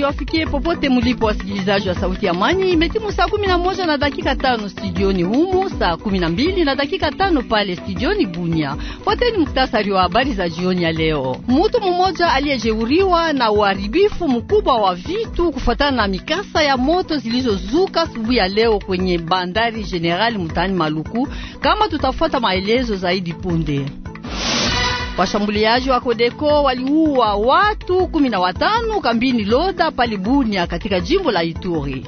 ziwafikie popote mulipo, wasikilizaji wa Sauti ya Amani. Imetimu saa kumi na moja na dakika tano studioni humu, saa kumi na mbili na dakika tano pale studioni bunya Fuateni muktasari wa habari za jioni ya leo. Mutu mmoja aliyejeuriwa na uharibifu mkubwa wa vitu kufuatana na mikasa ya moto zilizozuka asubuhi ya leo kwenye bandari General mtaani Maluku, kama tutafuata maelezo zaidi punde. Washambuliaji wa Kodeko waliua watu 15 kambini Loda palibunia katika jimbo la Ituri.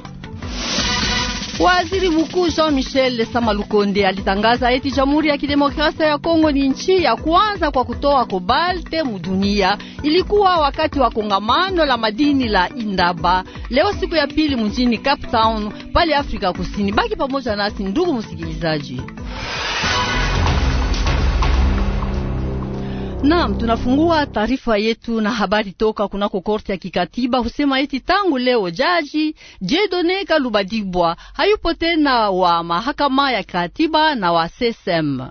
Waziri mkuu Jean Michel Samalukonde alitangaza eti Jamhuri ya Kidemokrasia ya Kongo ni nchi ya kwanza kwa kutoa kobalte mudunia. Ilikuwa wakati wa kongamano la madini la Indaba leo siku ya pili mjini Cape Town pale Afrika Kusini. Baki pamoja nasi ndugu msikilizaji. Naam, tunafungua taarifa yetu na habari toka kunako korti ya kikatiba husema eti tangu leo jaji Jedone Kalubadibwa hayupo tena wa mahakama ya katiba na wa SSM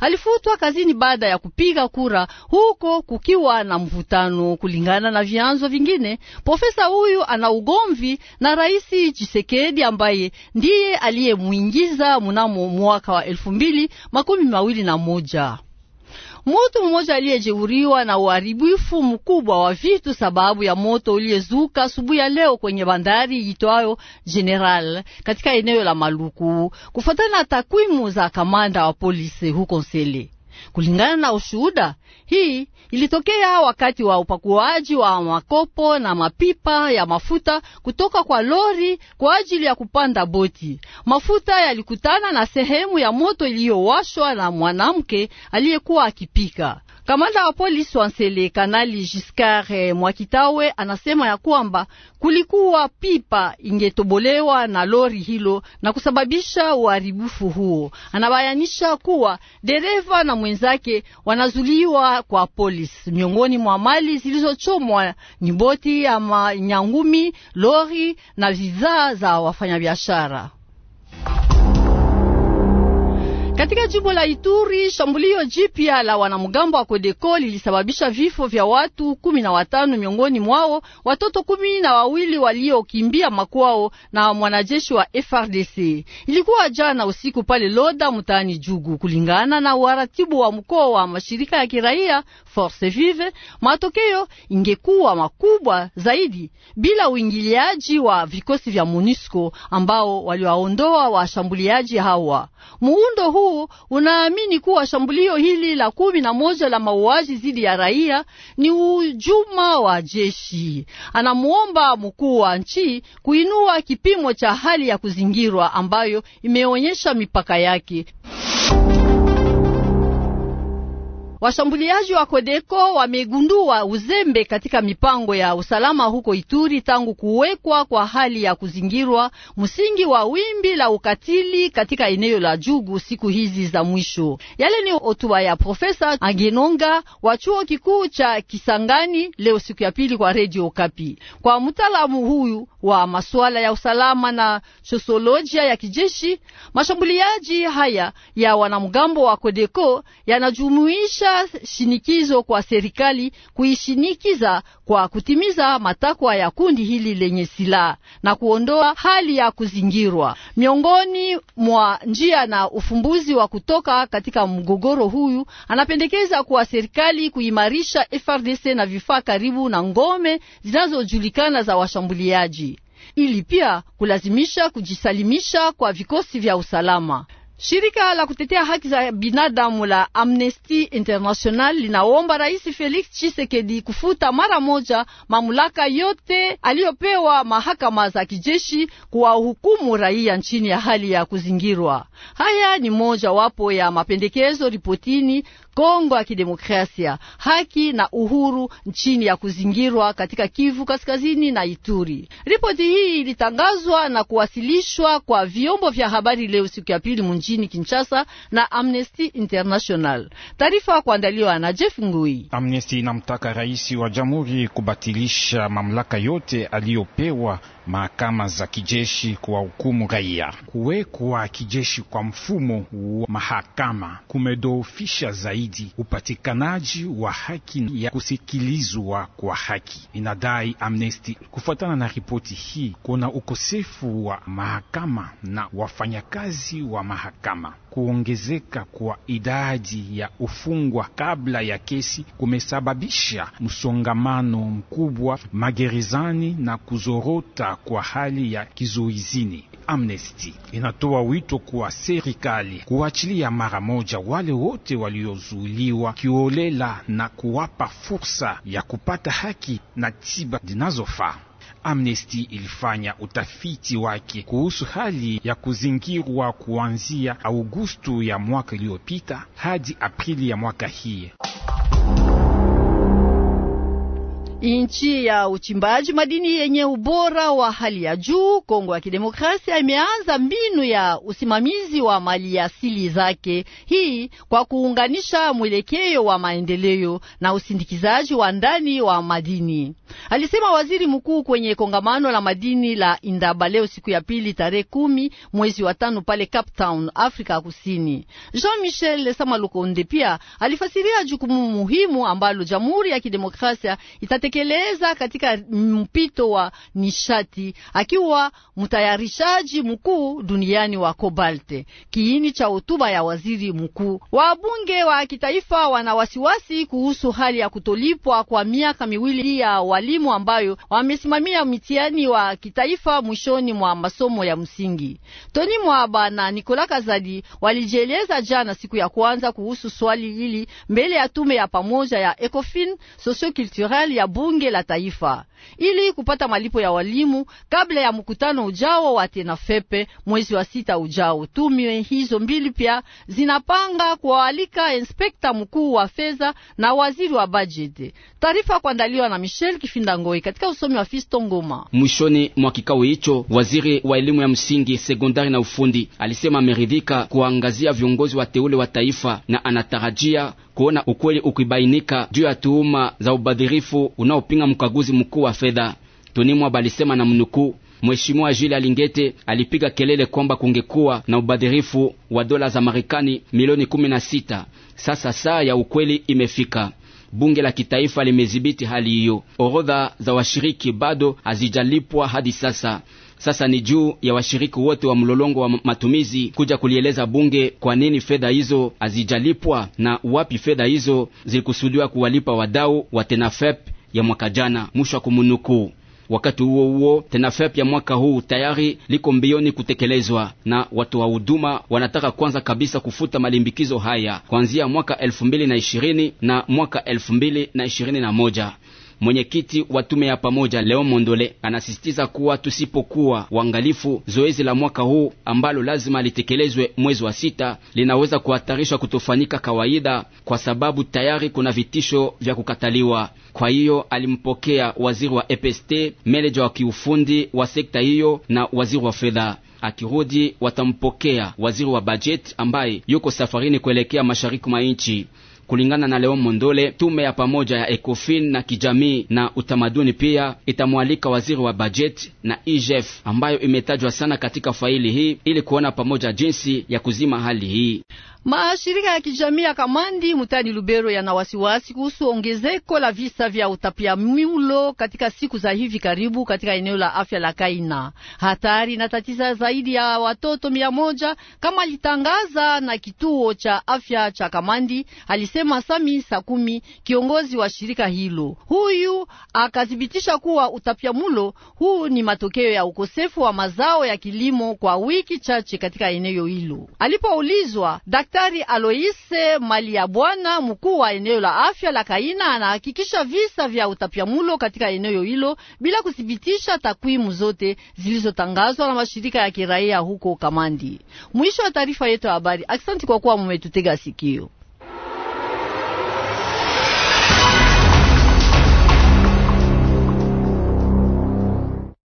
alifutwa kazini baada ya kupiga kura huko kukiwa na mvutano. Kulingana na vyanzo vingine, profesa huyu ana ugomvi na Rais Chisekedi ambaye ndiye aliyemwingiza mnamo mwaka wa elfu mbili makumi mawili na moja. Mutu mmoja aliyejeuriwa na uharibifu mkubwa wa vitu sababu ya moto uliyezuka asubuhi ya leo kwenye bandari itwayo General katika eneo la Maluku, kufuatana na takwimu za kamanda wa polisi huko Nsele. Kulingana na ushuhuda, hii ilitokea wakati wa upakuaji wa makopo na mapipa ya mafuta kutoka kwa lori kwa ajili ya kupanda boti. Mafuta yalikutana na sehemu ya moto iliyowashwa na mwanamke aliyekuwa akipika. Kamanda wa polisi wa Nsele Kanali Giscard eh, Mwakitawe anasema ya kwamba kulikuwa pipa ingetobolewa na lori hilo na kusababisha uharibifu huo. Anabayanisha kuwa dereva na mwenzake wanazuliwa kwa polisi. Miongoni mwa mali zilizochomwa ni boti ya nyangumi, lori na bidhaa za wafanyabiashara. Katika jimbo la Ituri, shambulio jipya la wanamgambo wa Kodeko lilisababisha vifo vya watu kumi na watano, miongoni mwao watoto kumi na wawili waliokimbia makwao na mwanajeshi wa FRDC. Ilikuwa jana usiku pale Loda mtaani Jugu. Kulingana na waratibu wa mkoa wa mashirika ya kiraia Force Vive, matokeo ingekuwa makubwa zaidi bila uingiliaji wa vikosi vya MONUSCO ambao waliwaondoa washambuliaji hawa. Muundo huu mkuu unaamini kuwa shambulio hili la kumi na moja la mauaji dhidi ya raia ni ujuma wa jeshi. Anamwomba mkuu wa nchi kuinua kipimo cha hali ya kuzingirwa ambayo imeonyesha mipaka yake. Washambuliaji wa Kodeko wamegundua uzembe katika mipango ya usalama huko Ituri tangu kuwekwa kwa hali ya kuzingirwa msingi wa wimbi la ukatili katika eneo la Jugu siku hizi za mwisho. Yale ni hotuba ya Profesa Angenonga wa chuo kikuu cha Kisangani leo siku ya pili kwa Radio Okapi. Kwa mtaalamu huyu wa masuala ya usalama na sosiolojia ya kijeshi. Mashambuliaji haya ya wanamgambo wa Kodeko yanajumuisha shinikizo kwa serikali kuishinikiza kwa kutimiza matakwa ya kundi hili lenye silaha na kuondoa hali ya kuzingirwa. Miongoni mwa njia na ufumbuzi wa kutoka katika mgogoro huyu, anapendekeza kuwa serikali kuimarisha FRDC na vifaa karibu na ngome zinazojulikana za washambuliaji ili pia kulazimisha kujisalimisha kwa vikosi vya usalama. Shirika la kutetea haki za binadamu la Amnesty International linaomba Rais Felix Tshisekedi kufuta mara moja mamlaka yote aliyopewa mahakama za kijeshi kuwahukumu raia nchini ya hali ya kuzingirwa. Haya ni moja wapo ya mapendekezo ripotini Kongo ya Kidemokrasia, haki na uhuru nchini ya kuzingirwa katika Kivu Kaskazini na Ituri. Ripoti hii ilitangazwa na kuwasilishwa kwa vyombo vya habari leo siku ya pili munji mjini Kinshasa na Amnesty International. Taarifa kuandaliwa na Jeff Ngui. Amnesty inamtaka rais wa jamhuri kubatilisha mamlaka yote aliyopewa mahakama za kijeshi kuwahukumu raia. Kuwekwa kijeshi kwa mfumo wa mahakama kumedhoofisha zaidi upatikanaji wa haki ya kusikilizwa kwa haki, inadai Amnesty. Kufuatana na ripoti hii, kuna ukosefu wa mahakama na wafanyakazi wa mahakama kuongezeka kwa idadi ya ufungwa kabla ya kesi kumesababisha msongamano mkubwa magerezani na kuzorota kwa hali ya kizuizini. Amnesty inatoa wito kwa serikali kuachilia mara moja wale wote waliozuiliwa kiolela na kuwapa fursa ya kupata haki na tiba zinazofaa. Amnesty ilifanya utafiti wake kuhusu hali ya kuzingirwa kuanzia Augustu ya mwaka iliyopita hadi Aprili ya mwaka hii. Nchi ya uchimbaji madini yenye ubora wa hali ya juu, Kongo ya Kidemokrasia imeanza mbinu ya usimamizi wa mali asili zake, hii kwa kuunganisha mwelekeo wa maendeleo na usindikizaji wa ndani wa madini, alisema waziri mkuu kwenye kongamano la madini la Indaba leo siku ya pili tarehe kumi mwezi wa tano pale Cape Town, Afrika Kusini. Jean-Michel Samalukonde pia alifasiria jukumu muhimu ambalo Jamhuri ya Kidemokrasia itate kutekeleza katika mpito wa nishati, akiwa mtayarishaji mkuu duniani wa kobalte, kiini cha hotuba ya waziri mkuu. Wabunge wa kitaifa wana wasiwasi kuhusu hali ya kutolipwa kwa miaka miwili ya walimu ambayo wamesimamia mitihani wa kitaifa mwishoni mwa masomo ya msingi. toni Mwaba na Nikola Kazadi walijieleza jana siku ya kwanza kuhusu swali hili mbele ya tume ya pamoja ya Ecofin socioculturel ya bunge la taifa ili kupata malipo ya walimu kabla ya mkutano ujao wa tenafepe mwezi wa sita ujao. Tume hizo mbili pia zinapanga kuwaalika inspekta mkuu wa fedha na waziri wa bajeti. Taarifa kuandaliwa na Michel Kifinda Ngoi katika usomi wa Fisto Ngoma. Mwishoni mwa kikao hicho, waziri wa elimu ya msingi, sekondari na ufundi alisema ameridhika kuangazia viongozi wa teule wa taifa na anatarajia kuona ukweli ukibainika juu ya tuhuma za ubadhirifu unaopinga mkaguzi mkuu wa fedha. tunimwa balisema na mnukuu, Mheshimiwa Jules Alingete alipiga kelele kwamba kungekuwa na ubadhirifu wa dola za Marekani milioni 16. Sasa saa ya ukweli imefika. Bunge la kitaifa limedhibiti hali hiyo. Orodha za washiriki bado hazijalipwa hadi sasa. Sasa ni juu ya washiriki wote wa mlolongo wa matumizi kuja kulieleza bunge kwa nini fedha hizo hazijalipwa na wapi fedha hizo zilikusudiwa kuwalipa wadau wa TENAFEP ya mwaka jana. Mwisho wa kumunukuu. Wakati huo huo, TENAFEP ya mwaka huu tayari liko mbioni kutekelezwa na watu wa huduma wanataka kwanza kabisa kufuta malimbikizo haya kuanzia mwaka 2020 na mwaka 221 Mwenyekiti wa tume ya pamoja Leon Mondole anasisitiza kuwa tusipokuwa wangalifu zoezi la mwaka huu ambalo lazima litekelezwe mwezi wa sita linaweza kuhatarishwa kutofanyika kawaida, kwa sababu tayari kuna vitisho vya kukataliwa. Kwa hiyo alimpokea waziri wa EPST, meneja wa kiufundi wa sekta hiyo na waziri wa fedha. Akirudi watampokea waziri wa bajeti ambaye yuko safarini kuelekea mashariki mwa nchi. Kulingana na Leon Mondole, tume ya pamoja ya ECOFIN na kijamii na utamaduni pia itamwalika waziri wa bajeti na IGF ambayo imetajwa sana katika faili hii ili kuona pamoja jinsi ya kuzima hali hii. Mashirika ya kijamii ya Kamandi mtaani Lubero yana wasiwasi kuhusu ongezeko la visa vya utapiamlo katika siku za hivi karibu katika eneo la afya la Kaina. Hatari na tatiza zaidi ya watoto mia moja kama litangaza na kituo cha afya cha Kamandi, alisema Sami Sakumi, kiongozi wa shirika hilo. Huyu akathibitisha kuwa utapiamlo huu ni matokeo ya ukosefu wa mazao ya kilimo kwa wiki chache katika eneo hilo. Alipoulizwa Daktari Aloise Mali ya Bwana, mkuu wa eneo la afya la Kaina, anahakikisha visa vya utapiamulo katika eneo hilo bila kuthibitisha takwimu zote zilizotangazwa na mashirika ya kiraia huko Kamandi. Mwisho wa taarifa yetu ya habari. Asante kwa kuwa mumetutega sikio.